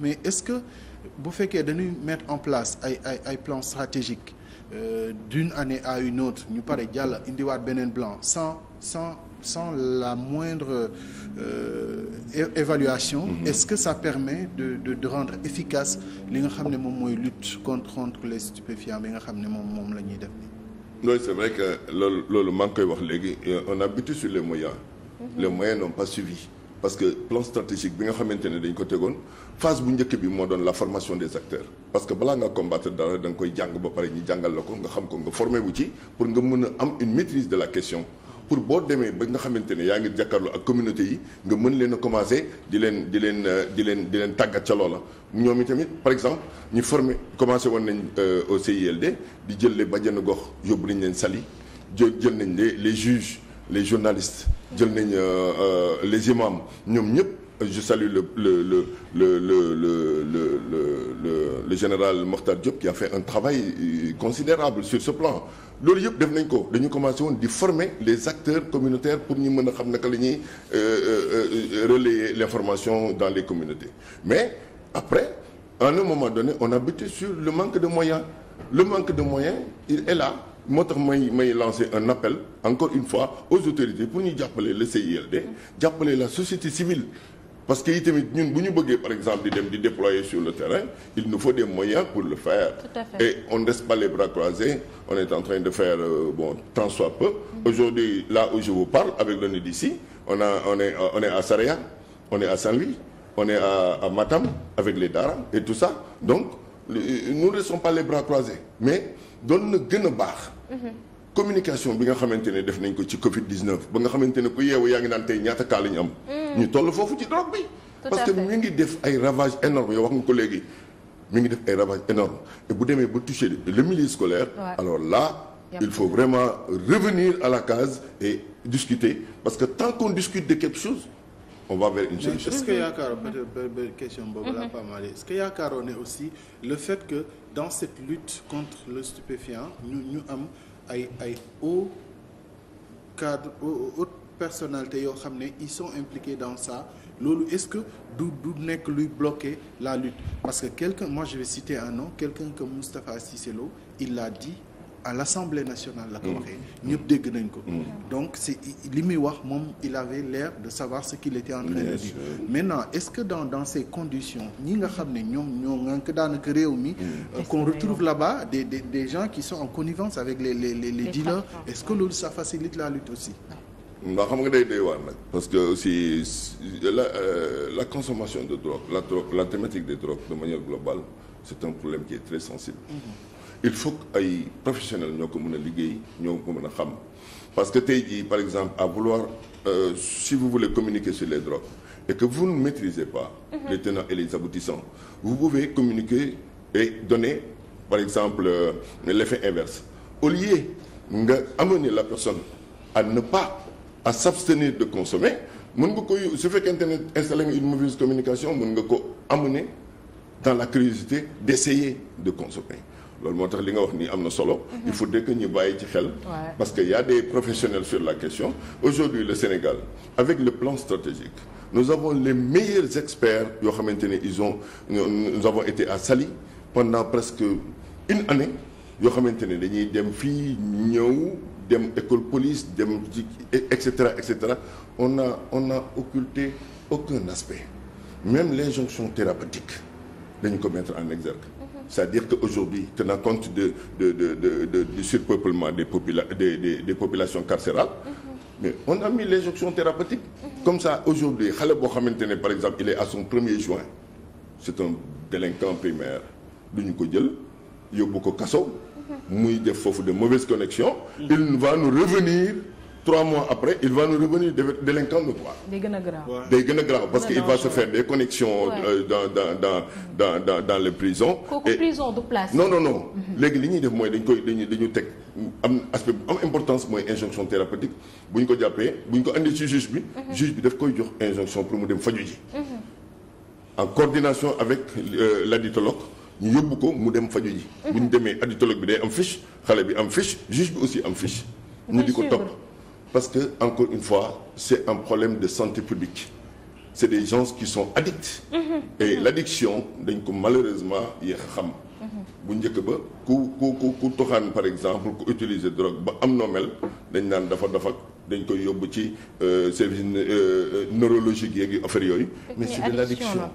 mais est-ce que bu fekkee dañuy mettre en place ay ay ay plan stratégique euh, d'une année à une autre ñu pare jàll indiwaat beneen plan sans sans sans la moindre euh, évaluation mm -hmm. est-ce que ça permet de de, de rendre efficace li nga xam ne moom mooy lutte contre contre les stupéfiants bi nga xam ne moom moom la ñuy def nii loolu c'est vrai que loolu loolu maa ngi koy wax léegi euh, on a buté sur les moyens mhm. les moyens n'ont pas suivi parce que plan stratégique bi nga xamante ne dañ ko tegoon phase bu njëkk bi moo doon la formation des acteurs parce que balaa nga combattre dara da koy jàng ba pare ñu jàngal la ko nga xam ko nga formé wu ci pour nga mën a am une maîtrise de la question pour boo demee ba nga xamante ne yaa ngi jàkkaarloo ak communauté yi nga mën leen a commencé di leen di leen euh, di leen di leen tàggat ca loola ñoom itamit par exemple ñi formé commencé woon nañ euh, au CILD di jël les bajenu gox yóbbu nañ leen Saly jël nañ les les juges les journalistes jël nañ euh, euh, les imams ñoom ñëpp je salue le le le le le le le le général Mokhtar Diop qui a fait un travail euh, considérable sur ce plan loolu yëpp def nañ ko dañu commencé woon di former les acteurs communautaires pour ñu mën a xam naka la ñuy relayer l'information dans les communautés mais après à un moment donné on a buté sur le manque de moyens le manque de moyens il est là moo tax may may lancer un appel encore une fois aux autorités pour ñu jàppale le CILD jàppale la société civile parce que itamit ñun bu ñu bëggee par exemple di dem di déployer sur le terrain il nous faut des moyens pour le faire Tout à fait. et on ne pas les bras croisés on est en train de faire euh, bon tant soit peu mm-hmm. aujourd'hui là où je vous parle avec le NEDICI on a on est on à Saraya on est à Saint-Louis on est à, Matam avec les Dara et tout ça donc nous ne restons pas les bras mais doon na gën a baax. communication bi nga xamante ne def nañ ko ci Covid 19 ba nga xamante ne ku yeewu yaa ngi naan tey ñaata kaa ñu am. Mm. ñu toll foofu ci drogue bi. parce que mu ngi def ay ravage énormes yow wax nga ko léegi mu ngi def ay ravages énormes et bu demee ba toucher le milieu scolaire. Ouais. alors là. il faut vraiment revenir à la case et discuter parce que tant qu'on discute de quelque chose. on va vers une solution. ce que yaakaaroon peut-être question boobu laa pas mal est-ce que yaakaaroon ne aussi le fait que dans cette lutte contre le stupéfiant ñu ñu am ay ay hauts cadres hautes personnalités yoo xam ne ils sont impliqués dans ça loolu est-ce que du du nekk luy bloquer la lutte parce que quelqu'un moi je vais citer un nom quelqu'un que Moustapha Cissé Lo il l'a dit. à l'Assemblée nationale la ko mm. waxee ñëpp dégg nañ ko mm. donc c'est li muy wax moom il avait l'air de savoir ce qu'il était en train de dire maintenant est-ce que dans dans ces conditions ñi nga xam ni ñoom ñoo ngànk daanaka réew mi mm. euh, qu'on retrouve là de des des des gens qui sont en les les les, les ce que loolu ça facilite la lutte aussi ndax xam nga day day waar nag parce que aussi la euh, la consommation de drogue la drogue la thématique des drogues de manière globale c'est un problème qui est très sensible mm-hmm. il faut que ay professionnels ñoo ko mën a liggéey ñoo ko mën a xam parce que tey jii par exemple à vouloir euh, si vous voulez communiquer sur les drogues et que vous ne maîtrisez pas mmh. les tenants et les aboutissants vous pouvez communiquer et donner par exemple euh, l'effet inverse au lieu nga amener la personne à ne pas à s'abstenir de consommer mën nga koy su fekkee internet installé nga une mauvaise communication mën nga ko amener dans la curiosité d'essayer de consommer loolu moo tax li nga wax nii am na solo. Mhm. il faudrait que ñu bàyyi ci xel. parce que y a des professionnels sur la question aujourd'hui le Sénégal avec le plan stratégique nous avons les meilleurs experts yoo xamante ne ils ont nous avons été à Saly pendant presque une année yoo xamante ne dañuy dem fii ñëw. dem école police dem ci et cetera on a on a occulté aucun aspect même les l'injonction thérapeutique dañu ko mettre en exergue C'est-à-dire qu'aujourd'hui, tenant compte de, de, de, du surpeuplement des, popula des, des, des, populations carcérales, mhm. mais on a mis les options thérapeutiques. Mhm. Comme ça, aujourd'hui, Khaled Bohamentene, par exemple, il est à son 1er juin. C'est un délinquant primaire. Nous il y a beaucoup de mauvaises connexions. Il va nous revenir trois mois après il va nous revenir délinquant de quoi. day gën a grave day gën a grave parce que il va se faire des connexions. Euh, dans dans dans dans dans dans les prisons. kooku prison du place. non non non mhm. léegi li ñuy def mooy dañ koy dañuy dañu teg am aspect bu am importance mooy injonction thérapeutique bu ñu ko jàppee bu ñu ko andi ci juge bi. Mhm. juge bi daf koy jox injonction pour mu dem faju ji. Mhm. en coordination avec euh, l'additologue ñu yóbbu ko mu dem faju ji. bu ñu demee additologue bi day am fiche xale bi am fiche juge bi aussi am fiche. ñu di ko topp. Parce que, encore une fois, c'est un problème de santé publique. C'est des gens qui sont addicts. Mhm. Et l'addiction, malheureusement, il y a mhm. bu njëkk ba ku ku ku ku toxaan par exemple ku utiliser drogue ba am noomel dañ naan dafa dafa dañ koy yóbbu ci euh, service euh, euh, neurologique yeegi affaire yooyu mais c'est de l'addiction